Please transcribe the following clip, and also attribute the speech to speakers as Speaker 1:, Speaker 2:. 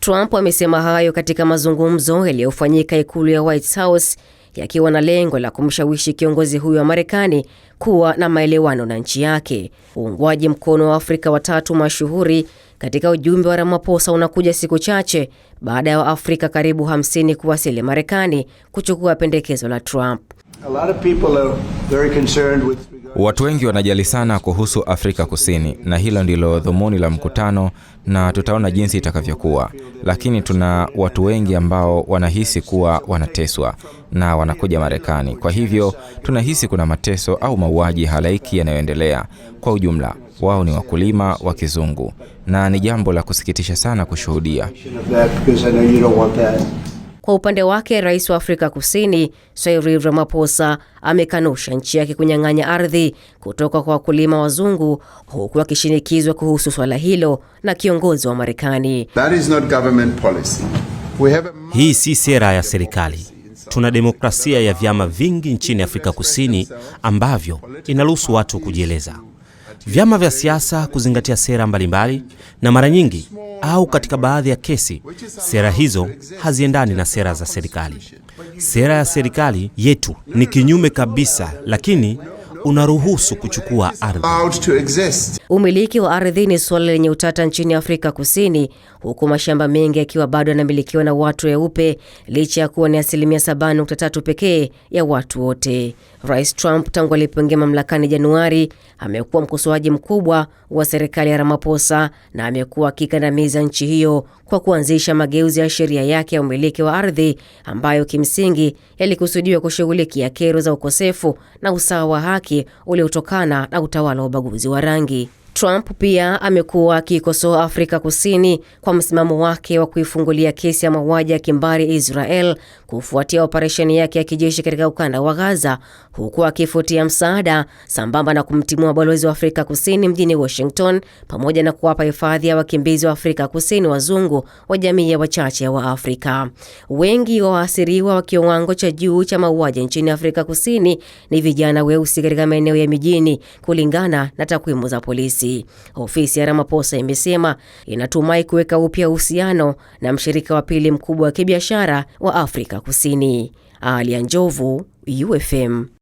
Speaker 1: Trump amesema hayo katika mazungumzo yaliyofanyika ikulu ya White House yakiwa na lengo la kumshawishi kiongozi huyo wa Marekani kuwa na maelewano na nchi yake. Uungwaji mkono wa Afrika watatu mashuhuri katika ujumbe wa Ramaphosa unakuja siku chache baada ya Waafrika karibu 50 kuwasili Marekani kuchukua pendekezo la Trump. A lot of people are
Speaker 2: very concerned with... Watu wengi wanajali sana kuhusu Afrika Kusini na hilo ndilo dhumuni la mkutano na tutaona jinsi itakavyokuwa. Lakini tuna watu wengi ambao wanahisi kuwa wanateswa na wanakuja Marekani. Kwa hivyo tunahisi kuna mateso au mauaji halaiki yanayoendelea. Kwa ujumla, wao ni wakulima wa kizungu na ni jambo la kusikitisha sana kushuhudia.
Speaker 1: Kwa upande wake, rais wa Afrika Kusini Cyril Ramaphosa amekanusha nchi yake kunyang'anya ardhi kutoka kwa wakulima wazungu, huku akishinikizwa kuhusu swala hilo na kiongozi wa Marekani.
Speaker 3: Hii si sera ya serikali. Tuna demokrasia ya vyama vingi nchini Afrika Kusini ambavyo inaruhusu watu kujieleza, vyama vya siasa kuzingatia sera mbalimbali, na mara nyingi au katika baadhi ya kesi sera hizo haziendani na sera za serikali. Sera ya serikali yetu ni kinyume kabisa, lakini unaruhusu kuchukua ardhi.
Speaker 1: Umiliki wa ardhi ni suala lenye utata nchini Afrika Kusini, huku mashamba mengi yakiwa bado yanamilikiwa na watu weupe licha ya kuwa ni asilimia 7.3 pekee ya watu wote. Rais Trump tangu alipoingia mamlakani Januari amekuwa mkosoaji mkubwa wa serikali ya Ramaphosa na amekuwa akikandamiza nchi hiyo kwa kuanzisha mageuzi ya sheria yake ya umiliki wa ardhi ambayo kimsingi yalikusudiwa kushughulikia ya kero za ukosefu na usawa wa haki haki uliotokana na utawala wa ubaguzi wa rangi. Trump pia amekuwa akiikosoa Afrika Kusini kwa msimamo wake wa kuifungulia kesi ya mauaji ya kimbari Israel kufuatia operesheni yake ya kijeshi katika ukanda wa Gaza, huku akifutia msaada sambamba na kumtimua balozi wa Afrika Kusini mjini Washington pamoja na kuwapa hifadhi ya wakimbizi wa Afrika Kusini wazungu wa jamii ya wachache wa Afrika. Wengi wa waasiriwa wa kiwango cha juu cha mauaji nchini Afrika Kusini ni vijana weusi katika maeneo ya mijini, kulingana na takwimu za polisi. Ofisi ya Ramaphosa imesema inatumai kuweka upya uhusiano na mshirika wa pili mkubwa wa kibiashara wa Afrika Kusini. Aaliyah Njovu, UFM.